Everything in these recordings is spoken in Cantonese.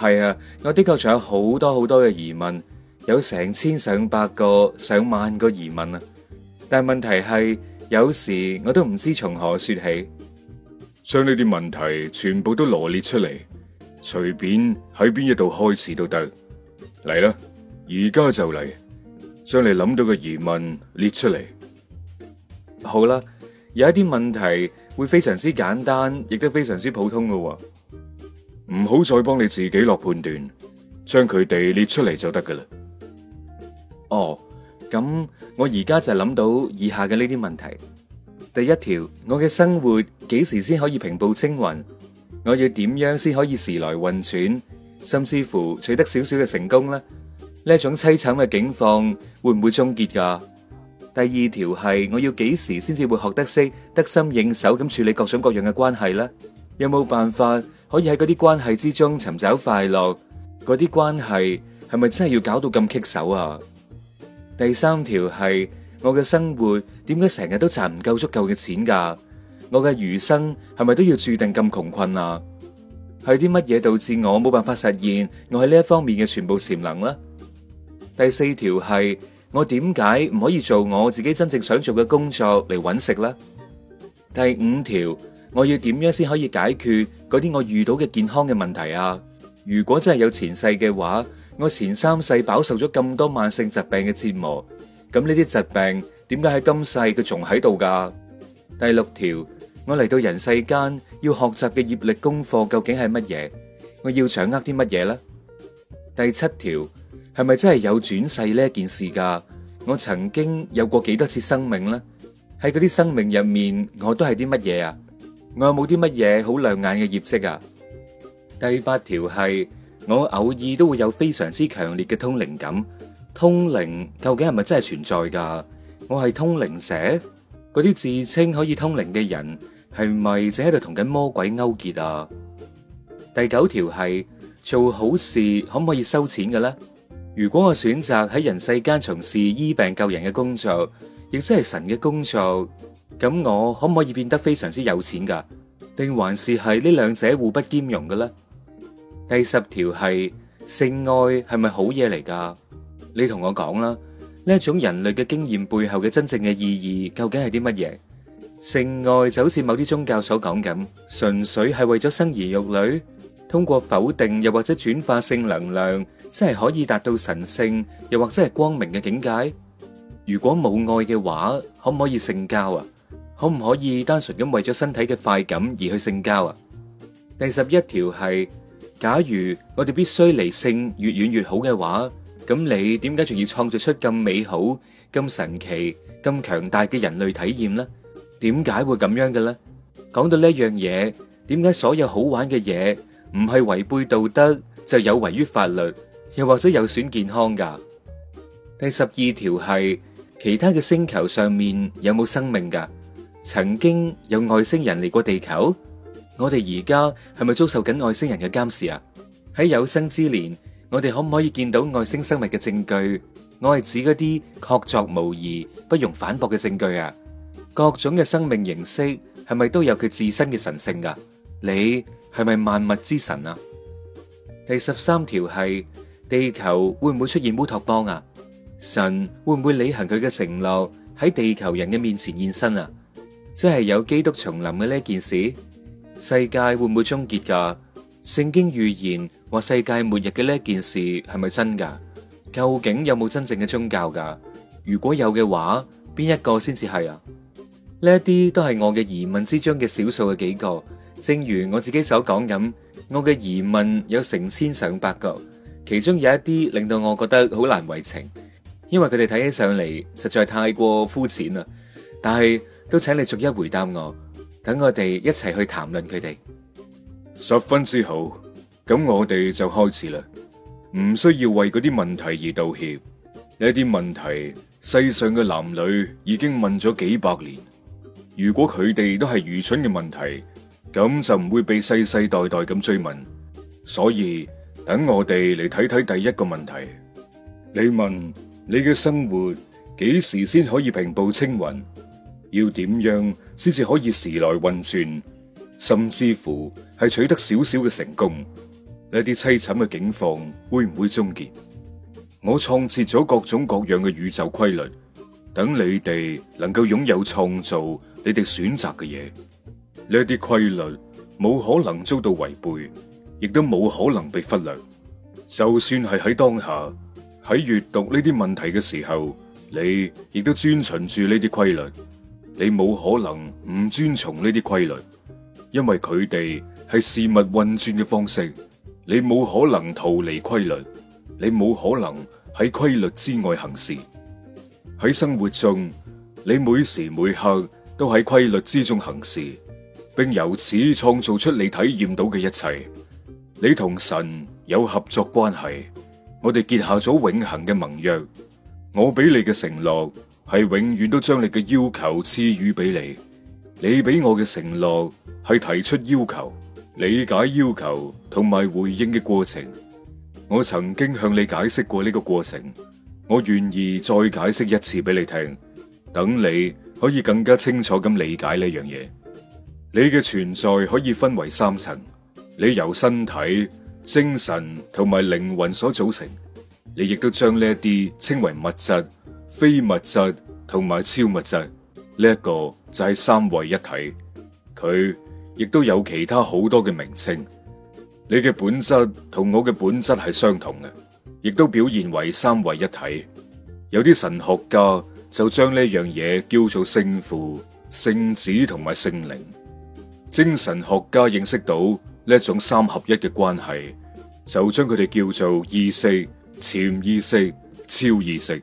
係啊，我的確仲有好多好多嘅疑問，有成千上百個、上萬個疑問啊！但係問題係，有時我都唔知從何說起。將呢啲問題全部都羅列出嚟，隨便喺邊一度開始都得。嚟啦，而家就嚟將你諗到嘅疑問列出嚟。好啦，有一啲問題會非常之簡單，亦都非常之普通㗎、啊。唔好再幫你自己落判斷，將佢哋列出嚟，就得噶啦。哦，咁我而家就諗到以下嘅呢啲問題。第一條，我嘅生活幾時先可以平步青雲？我要點樣先可以時來運轉，甚至乎取得少少嘅成功呢？淒慘會會呢一種凄慘嘅境況會唔會終結噶？第二條係我要幾時先至會學得識得心應手咁處理各種各樣嘅關係咧？有冇辦法？可以喺嗰啲關係之中尋找快樂，嗰啲關係係咪真係要搞到咁棘手啊？第三條係我嘅生活，點解成日都賺唔夠足夠嘅錢噶，啊？我嘅餘生係咪都要注定咁窮困啊？係啲乜嘢導致我冇辦法實現我喺呢一方面嘅全部潛能咧？第四條係我點解唔可以做我自己真正想做嘅工作嚟搵食咧？第五條。我要點樣先可以解決嗰啲我遇到嘅健康嘅問題啊？如果真係有前世嘅話，我前三世飽受咗咁多慢性疾病嘅折磨，咁呢啲疾病點解喺今世佢仲喺度噶？第六條，我嚟到人世間要學習嘅業力功課究竟係乜嘢？我要掌握啲乜嘢咧？第七條，係咪真係有轉世呢一件事噶？我曾經有過幾多次生命咧？喺嗰啲生命入面，我都係啲乜嘢啊？我有冇啲乜嘢好亮眼嘅業績啊？第八條，係我偶爾都會有非常之強烈嘅通靈感，通靈究竟係咪真係存在噶？我係通靈者？嗰啲自稱可以通靈嘅人係咪正喺度同緊魔鬼勾結啊？第九條，係做好事可唔可以收錢嘅呢？如果我選擇喺人世間從事醫病救人嘅工作，亦即係神嘅工作。咁我可唔可以變得非常之有錢噶？定還是係呢兩者互不兼容嘅咧？第十條係，性愛係咪好嘢嚟噶？你同我講啦，呢一種人類嘅經驗背後嘅真正嘅意義究竟係啲乜嘢？性愛就好似某啲宗教所講咁，純粹係為咗生兒育女。通過否定又或者轉化性能量，真係可以達到神聖又或者係光明嘅境界。如果冇愛嘅話，可唔可以性交啊？可唔可以單純咁為咗身體嘅快感而去性交啊？第十一條係，假如我哋必須離性越遠越好嘅話，咁你點解仲要創造出咁美好、咁神奇、咁強大嘅人類體驗呢？點解會咁樣嘅咧？講到呢一樣嘢，點解所有好玩嘅嘢唔係違背道德，就有違於法律，又或者有損健康噶？第十二條係，其他嘅星球上面有冇生命噶？曾經有外星人嚟過地球，我哋而家係咪遭受緊外星人嘅監視啊？喺有生之年，我哋可唔可以見到外星生物嘅證據？我係指嗰啲確鑿無疑、不容反駁嘅證據啊。各種嘅生命形式係咪都有佢自身嘅神性噶？你係咪萬物之神啊？第十三條係地球會唔會出現烏托邦啊？神會唔會履行佢嘅承諾喺地球人嘅面前現身啊？即係有基督重臨嘅呢件事，世界會唔會終結噶？聖經預言話世界末日嘅呢件事係咪真噶？究竟有冇真正嘅宗教噶？如果有嘅話，邊一個先至係啊？呢一啲都係我嘅疑問之中嘅少數嘅幾個。正如我自己所講咁，我嘅疑問有成千上百個，其中有一啲令到我覺得好難為情，因為佢哋睇起上嚟實在太過膚淺啦。但係。都請你逐一回答我，等我哋一齊去談論佢哋。十分之好，咁我哋就開始啦。唔需要為嗰啲問題而道歉。呢啲問題，世上嘅男女已經問咗幾百年。如果佢哋都係愚蠢嘅問題，咁就唔會被世世代代咁追問。所以等我哋嚟睇睇第一個問題。你問，你嘅生活幾時先可以平步青雲？要點樣先至可以時來運轉，甚至乎係取得少少嘅成功？呢啲淒慘嘅境況會唔會終結？我創設咗各種各樣嘅宇宙規律，等你哋能夠擁有創造你哋選擇嘅嘢。呢啲規律冇可能遭到違背，亦都冇可能被忽略。就算係喺當下，喺閱讀呢啲問題嘅時候，你亦都遵循住呢啲規律。你冇可能唔遵從呢啲規律，因為佢哋係事物運轉嘅方式。你冇可能逃離規律，你冇可能喺規律之外行事。喺生活中，你每時每刻都喺規律之中行事，並由此創造出你體驗到嘅一切。你同神有合作關係，我哋結下咗永恆嘅盟約。我俾你嘅承諾。係永遠都將你嘅要求賜予俾你，你俾我嘅承諾係提出要求、理解要求同埋回應嘅過程。我曾經向你解釋過呢個過程，我願意再解釋一次俾你聽，等你可以更加清楚咁理解呢樣嘢。你嘅存在可以分為三層，你由身體、精神同埋靈魂所組成，你亦都將呢一啲稱為物質。非物質同埋超物質，呢一個就係三位一體，佢亦都有其他好多嘅名稱。你嘅本質同我嘅本質係相同嘅，亦都表現為三位一體。有啲神學家就將呢樣嘢叫做聖父、聖子同埋聖靈。精神學家認識到呢一種三合一嘅關係，就將佢哋叫做意識、潛意識、超意識。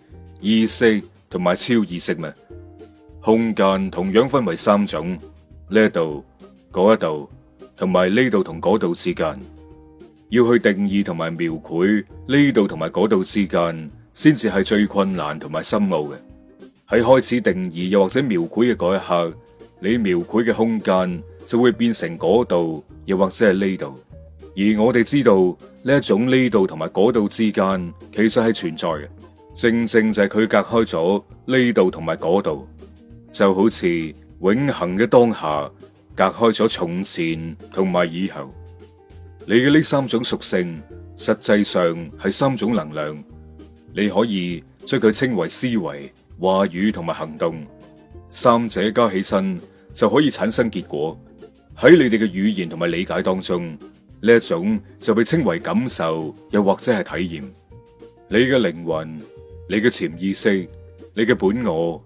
意識同埋超意識咩？空間同樣分為三種，呢一度、嗰一度，同埋呢度同嗰度之間，要去定義同埋描繪呢度同埋嗰度之間，先至係最困難同埋深奧嘅。喺開始定義又或者描繪嘅嗰一刻，你描繪嘅空間就會變成嗰度，又或者係呢度。而我哋知道呢一種呢度同埋嗰度之間，其實係存在嘅。正正就係佢隔開咗呢度同埋嗰度，就好似永恆嘅當下隔開咗從前同埋以後。你嘅呢三種屬性，實際上係三種能量。你可以將佢稱為思維、話語同埋行動，三者加起身就可以產生結果。喺你哋嘅語言同埋理解當中，呢一種就被稱為感受，又或者係體驗。你嘅靈魂。你嘅潛意識、你嘅本我、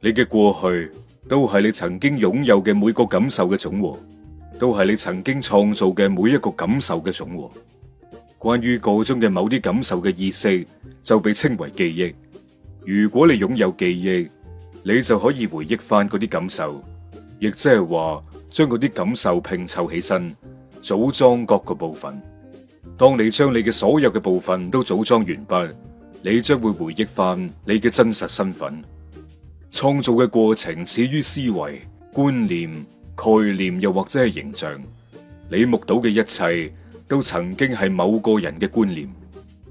你嘅過去，都係你曾經擁有嘅每個感受嘅總和，都係你曾經創造嘅每一個感受嘅總和。關於個中嘅某啲感受嘅意識，就被稱為記憶。如果你擁有記憶，你就可以回憶翻嗰啲感受，亦即係話將嗰啲感受拼湊起身，組裝各個部分。當你將你嘅所有嘅部分都組裝完畢。你將會回憶翻你嘅真實身份，創造嘅過程始於思維、觀念、概念，又或者係形象。你目睹嘅一切都曾經係某個人嘅觀念。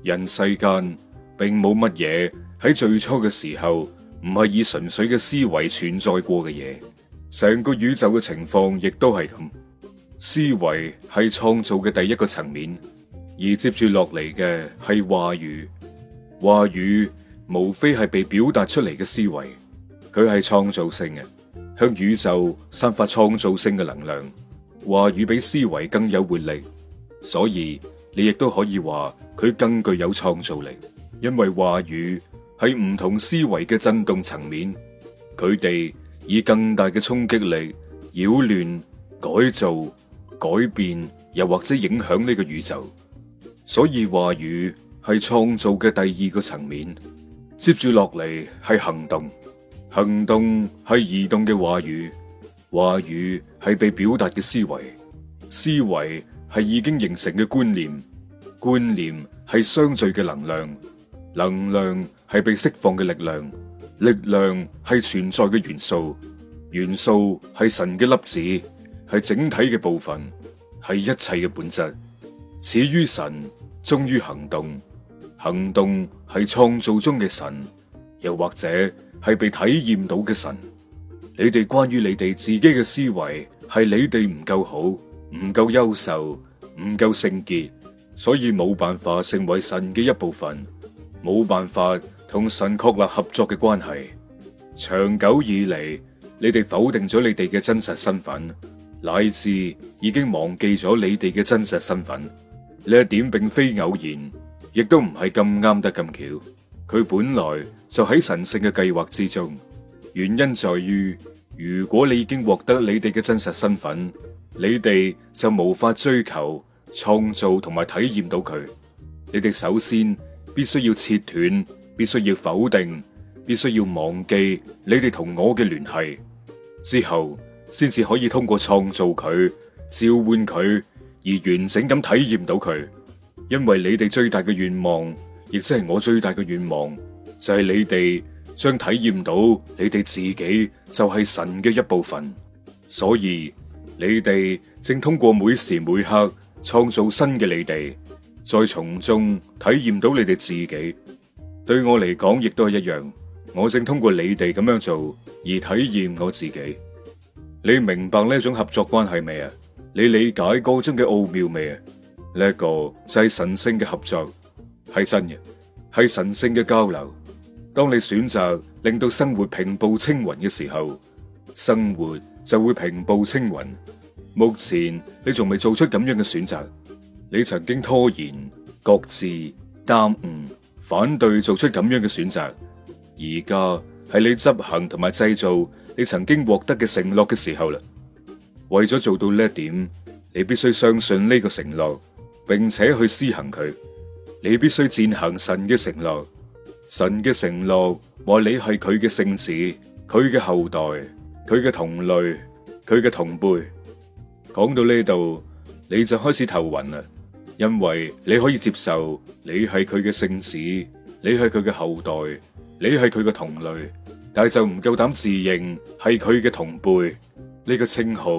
人世間並冇乜嘢喺最初嘅時候唔係以純粹嘅思維存在過嘅嘢。成個宇宙嘅情況亦都係咁。思維係創造嘅第一個層面，而接住落嚟嘅係話語。話語無非係被表達出嚟嘅思維，佢係創造性嘅，向宇宙散發創造性嘅能量。話語比思維更有活力，所以你亦都可以話佢更具有創造力。因為話語係唔同思維嘅震動層面，佢哋以更大嘅衝擊力擾亂、改造、改變，又或者影響呢個宇宙。所以話語。係創造嘅第二個層面，接住落嚟係行動，行動係移動嘅話語，話語係被表達嘅思維，思維係已經形成嘅觀念，觀念係相聚嘅能量，能量係被釋放嘅力量，力量係存在嘅元素，元素係神嘅粒子，係整體嘅部分，係一切嘅本質，始於神，終於行動。行動係創造中嘅神，又或者係被體驗到嘅神。你哋關於你哋自己嘅思維，係你哋唔夠好，唔夠優秀，唔夠聖潔，所以冇辦法成為神嘅一部分，冇辦法同神確立合作嘅關係。長久以嚟，你哋否定咗你哋嘅真實身份，乃至已經忘記咗你哋嘅真實身份。呢一點並非偶然。亦都唔係咁啱得咁巧，佢本來就喺神聖嘅計劃之中。原因在於，如果你已經獲得你哋嘅真實身份，你哋就無法追求、創造同埋體驗到佢。你哋首先必須要切斷，必須要否定，必須要忘記你哋同我嘅聯繫，之後先至可以通過創造佢、召喚佢，而完整咁體驗到佢。因為你哋最大嘅願望，亦即係我最大嘅願望，就係、是、你哋將體驗到你哋自己就係神嘅一部分。所以你哋正通過每時每刻創造新嘅你哋，再從中體驗到你哋自己。對我嚟講，亦都係一樣。我正通過你哋咁樣做而體驗我自己。你明白呢種合作關係未啊？你理解個中嘅奧妙未啊？呢一個就係神聖嘅合作，係真嘅，係神聖嘅交流。當你選擇令到生活平步青雲嘅時候，生活就會平步青雲。目前你仲未做出咁樣嘅選擇，你曾經拖延、擱置、耽誤、反對做出咁樣嘅選擇。而家係你執行同埋製造你曾經獲得嘅承諾嘅時候啦。為咗做到呢一點，你必須相信呢個承諾。並且去施行佢，你必須踐行神嘅承諾。神嘅承諾話你係佢嘅聖子，佢嘅後代，佢嘅同類，佢嘅同輩。講到呢度，你就開始頭暈啦，因為你可以接受你係佢嘅聖子，你係佢嘅後代，你係佢嘅同類，但係就唔夠膽自認係佢嘅同輩。呢個稱號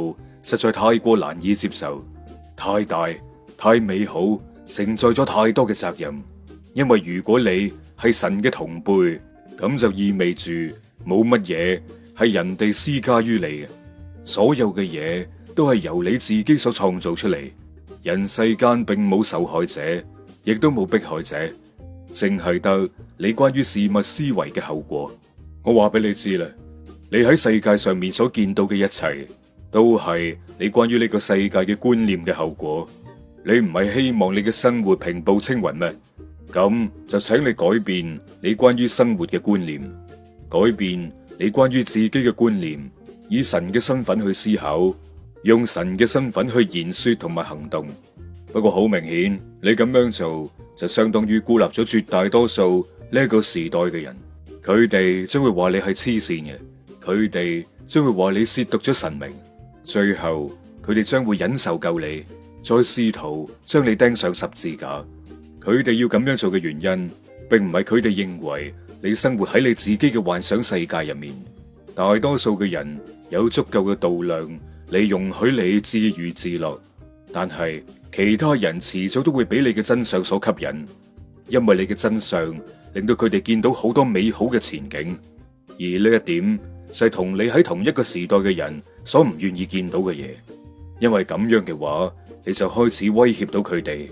實在太過難以接受，太大。太美好，承載咗太多嘅責任。因為如果你係神嘅同輩，咁就意味住冇乜嘢係人哋施加於你。所有嘅嘢都係由你自己所創造出嚟。人世間並冇受害者，亦都冇迫害者，淨係得你關於事物思維嘅後果。我話俾你知啦，你喺世界上面所見到嘅一切都係你關於呢個世界嘅觀念嘅後果。你唔係希望你嘅生活平步青雲咩？咁就請你改變你關於生活嘅觀念，改變你關於自己嘅觀念，以神嘅身份去思考，用神嘅身份去言說同埋行動。不過好明顯，你咁樣做就相當於孤立咗絕大多數呢個時代嘅人，佢哋將會話你係黐線嘅，佢哋將會話你褻瀆咗神明，最後佢哋將會忍受救你。再試圖將你釘上十字架，佢哋要咁樣做嘅原因，並唔係佢哋認為你生活喺你自己嘅幻想世界入面。大多數嘅人有足夠嘅度量，嚟容許你自娛自樂，但係其他人遲早都會俾你嘅真相所吸引，因為你嘅真相令到佢哋見到好多美好嘅前景，而呢一點就係同你喺同一個時代嘅人所唔願意見到嘅嘢。因為咁樣嘅話，你就開始威脅到佢哋。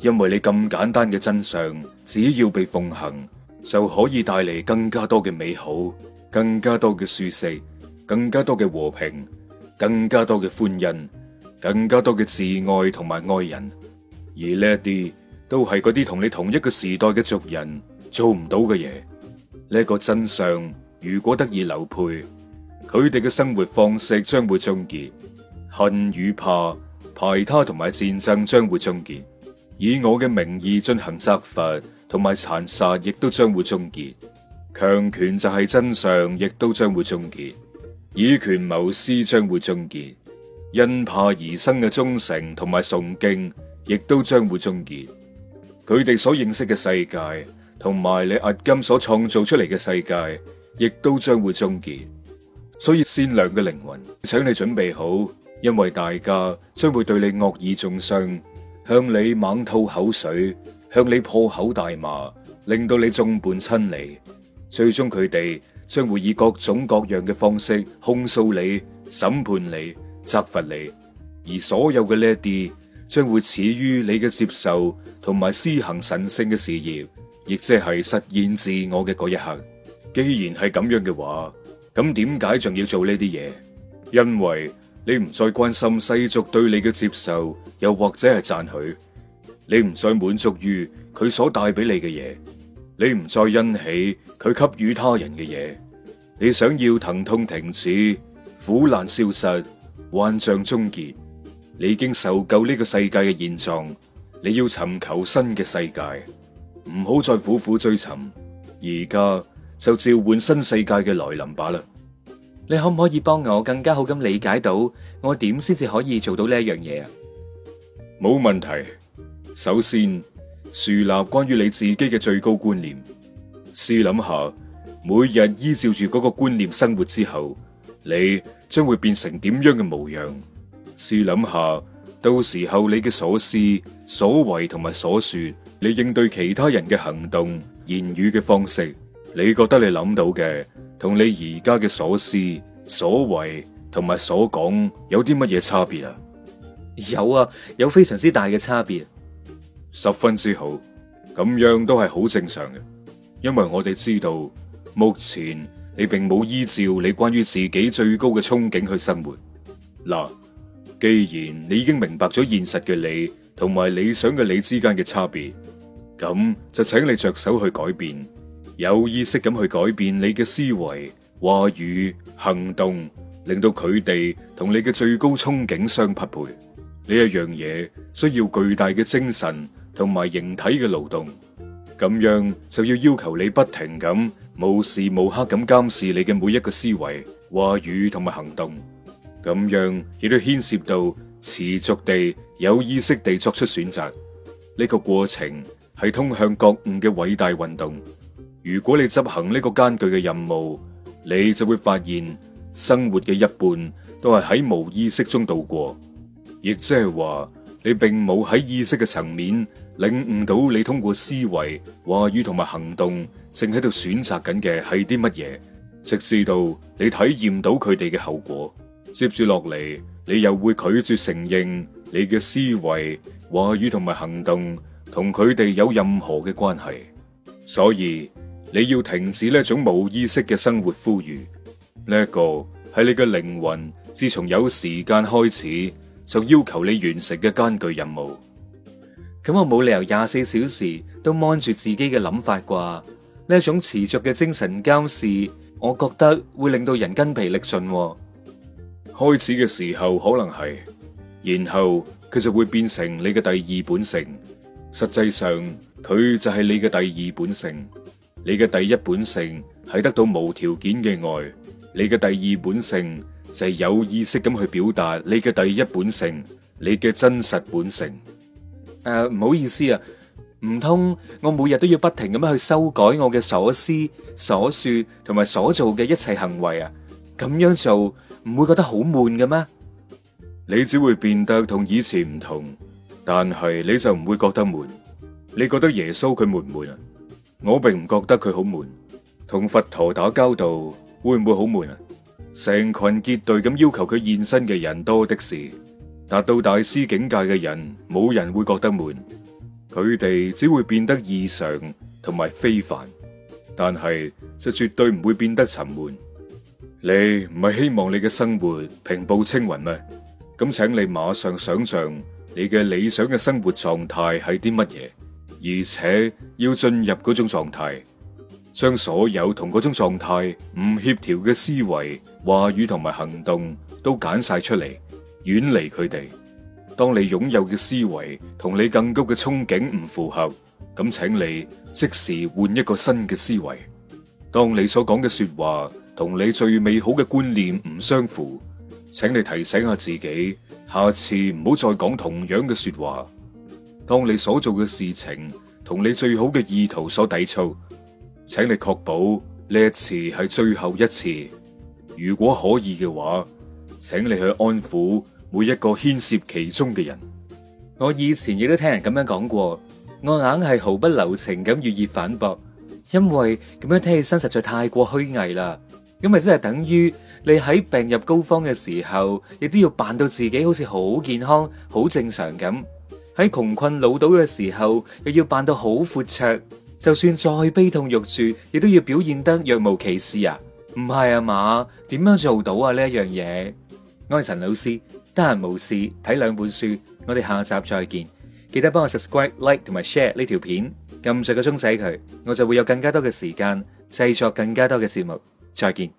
因為你咁簡單嘅真相，只要被奉行，就可以帶嚟更加多嘅美好，更加多嘅舒適，更加多嘅和平，更加多嘅歡欣，更加多嘅摯愛同埋愛人。而呢一啲都係嗰啲同你同一個時代嘅族人做唔到嘅嘢。呢、這個真相如果得以流配，佢哋嘅生活方式將會終結。恨與怕、排他同埋戰爭將會終結，以我嘅名義進行執法，同埋殘殺，亦都將會終結。強權就係真相，亦都將會終結。以權謀私將會終結。因怕而生嘅忠誠同埋崇敬，亦都將會終結。佢哋所認識嘅世界，同埋你阿金所創造出嚟嘅世界，亦都將會終結。所以，善良嘅靈魂，請你準備好。因為大家將會對你惡意中傷，向你猛吐口水，向你破口大罵，令到你眾叛親離。最終佢哋將會以各種各樣嘅方式控訴你、審判你、責罰你，而所有嘅呢一啲將會始於你嘅接受同埋施行神聖嘅事業，亦即係實現自我嘅嗰一刻。既然係咁樣嘅話，咁點解仲要做呢啲嘢？因為。你唔再關心世俗對你嘅接受，又或者係讚許；你唔再滿足於佢所帶俾你嘅嘢，你唔再欣喜佢給予他人嘅嘢。你想要疼痛停止、苦難消失、幻象終結。你已經受夠呢個世界嘅現狀，你要尋求新嘅世界。唔好再苦苦追尋，而家就召喚新世界嘅來臨吧啦。你可唔可以幫我更加好咁理解到我點先至可以做到呢一樣嘢啊？冇問題。首先，樹立關於你自己嘅最高觀念。試諗下，每日依照住嗰個觀念生活之後，你將會變成點樣嘅模樣？試諗下，到時候你嘅所思、所為同埋所說，你應對其他人嘅行動、言語嘅方式，你覺得你諗到嘅。同你而家嘅所思、所為同埋所講有啲乜嘢差別啊？有啊，有非常之大嘅差別，十分之好，咁樣都係好正常嘅，因為我哋知道目前你並冇依照你關於自己最高嘅憧憬去生活。嗱，既然你已經明白咗現實嘅你同埋理想嘅你之間嘅差別，咁就請你着手去改變。有意識咁去改變你嘅思維、話語、行動，令到佢哋同你嘅最高憧憬相匹配。呢一樣嘢需要巨大嘅精神同埋形體嘅勞動。咁樣就要要求你不停咁、無時無刻咁監視你嘅每一個思維、話語同埋行動。咁樣亦都牽涉到持續地有意識地作出選擇。呢個過程係通向覺悟嘅偉大運動。如果你執行呢個艱巨嘅任務，你就會發現生活嘅一半都係喺無意識中度過，亦即係話你並冇喺意識嘅層面領悟到你通過思維、話語同埋行動正喺度選擇緊嘅係啲乜嘢，直至到你體驗到佢哋嘅後果。接住落嚟，你又會拒絕承認你嘅思維、話語同埋行動同佢哋有任何嘅關係，所以。你要停止呢一種無意識嘅生活呼籲，呢一個係你嘅靈魂，自從有時間開始就要求你完成嘅艱巨任務。咁我冇理由廿四小時都望住自己嘅諗法啩？呢一種持續嘅精神監視，我覺得會令到人筋疲力盡喎。開始嘅時候可能係，然後佢就會變成你嘅第二本性。實際上，佢就係你嘅第二本性。你嘅第一本性係得到無條件嘅愛，你嘅第二本性就係有意識咁去表達你嘅第一本性，你嘅真實本性。誒，唔好意思啊，唔通我每日都要不停咁樣去修改我嘅所思、所說同埋所做嘅一切行為啊？咁樣做唔會覺得好悶嘅咩？你只會變得同以前唔同，但係你就唔會覺得悶。你覺得耶穌佢悶唔悶啊？我並唔覺得佢好悶，同佛陀打交道會唔會好悶啊？成群結隊咁要求佢現身嘅人多的是，達到大師境界嘅人，冇人會覺得悶，佢哋只會變得異常同埋非凡，但係就絕對唔會變得沉悶。你唔係希望你嘅生活平步青雲咩？咁，請你馬上想象你嘅理想嘅生活狀態係啲乜嘢？而且要進入嗰種狀態，將所有同嗰種狀態唔協調嘅思維、話語同埋行動都揀晒出嚟，遠離佢哋。當你擁有嘅思維同你更高嘅憧憬唔符合，咁請你即時換一個新嘅思維。當你所講嘅說話同你最美好嘅觀念唔相符，請你提醒下自己，下次唔好再講同樣嘅說話。當你所做嘅事情同你最好嘅意圖所抵觸，請你確保呢一次係最後一次。如果可以嘅話，請你去安撫每一個牽涉其中嘅人。我以前亦都聽人咁樣講過，我硬係毫不留情咁予以反駁，因為咁樣聽起身實在太過虛偽啦。咁咪即係等於你喺病入膏肓嘅時候，亦都要扮到自己好似好健康、好正常咁。喺窮困潦倒嘅時候，又要扮到好闊綽，就算再悲痛欲絕，亦都要表現得若無其事啊！唔係啊嘛，點樣做到啊呢一樣嘢？我係陳老師，得閒無事睇兩本書，我哋下集再見。記得幫我 subscribe、like 同埋 share 呢條片，撳住個鐘仔佢，我就會有更加多嘅時間製作更加多嘅節目。再見。